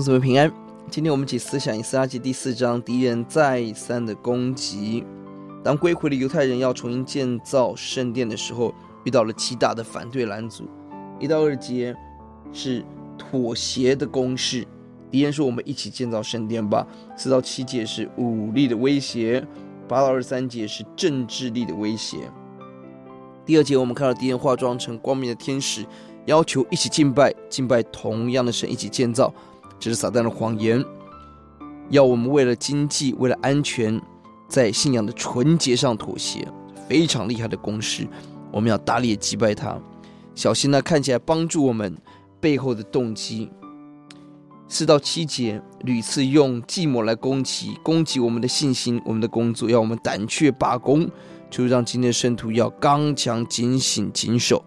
祝你們平安。今天我們一起思想《以斯拉記》第四章，敵人再三的攻擊。當歸回的猶太人要重新建造聖殿的時候，遇到了極大的反對攔阻。一到二節是妥協的攻勢，敵人說：“我們一起建造聖殿吧。”四到七節是武力的威脅，八到二十三節是政治力的威脅。第二節，我們看到敵人化裝成光明的天使，要求一起敬拜，敬拜同樣的神，一起建造。這是撒旦的謊言，要我們為了經濟、為了安全，在信仰的純潔上妥協。非常厲害的攻勢，我們要大力擊敗他。小心那、啊、看起來幫助我們背後的動機。四到七節屢次用計謀來攻擊，攻擊我們的信心、我們的工作，要我們膽怯罷工。就讓今天的聖徒要剛強、警醒、謹守。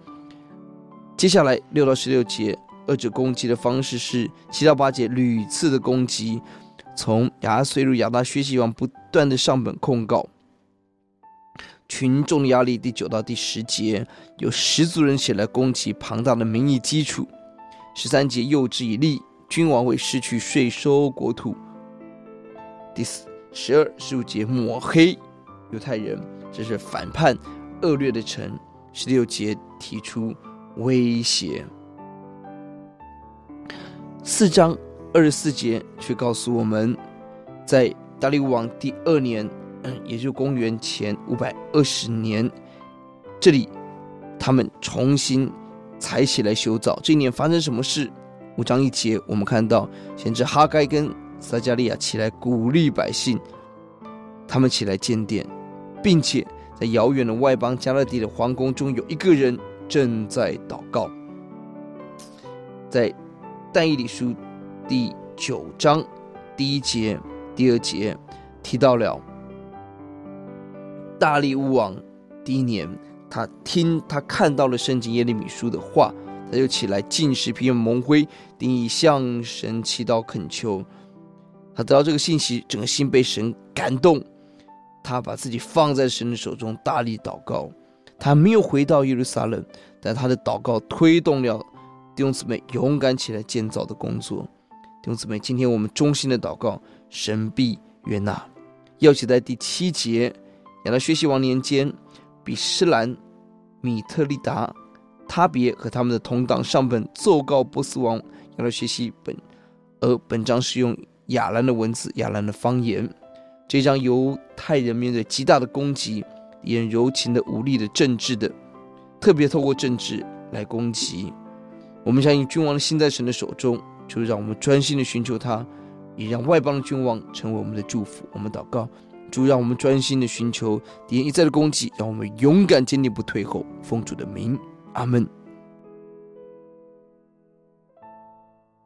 接下來六到十六節。惡者攻擊的方式是七到八節屢次的攻擊，從亞哈隨魯、亞達薛西王不斷的上本控告群眾的壓力。第九到第十節有十族人起來攻擊龐大的民意基礎。十三節誘之以利，君王會失去稅收國土。第四十二十五節抹黑猶太人，這是反叛惡劣的城。十六節提出威脅。四章二十四節卻告訴我們，在大利烏王第二年，嗯，也就公元前五百二十年，這裡他們重新才起來修造。這一年發生什麼事？五章一節我們看到，先知哈該跟撒迦利亞起來鼓勵百姓，他們起來建殿，並且在遙遠的外邦加勒底的皇宮中有一個人正在禱告，在。在但以理書》第九章第一節、第二節提到了大利烏王第一年，他聽他看到了聖經《耶利米書》的話，他就起來禁食，披麻蒙灰，定意向神祈禱懇求。他得到這個信息，整個心被神感動，他把自己放在神的手中，大力禱告。他沒有回到耶路撒冷，但他的禱告推動了。弟兄姊妹，勇敢起來，建造的工作。弟兄姊妹，今天我們衷心的禱告，神必悅納。鑰節在第七節，亞達薛西王年間，比施蘭、米特利達、他別和他們的同黨上本奏告波斯王，亞達薛西本。而本章是用亞蘭的文字，亞蘭的方言。這章猶太人面對極大的攻擊，敵人柔情的、武力的政治的，特別透過政治來攻擊。我們相信君王的心在神的手中，就是讓我們專心的尋求他，也讓外邦的君王成為我們的祝福。我們禱告，主讓我們專心的尋求，敵人一再的攻擊，讓我們勇敢堅定不退後，奉主的名，阿門。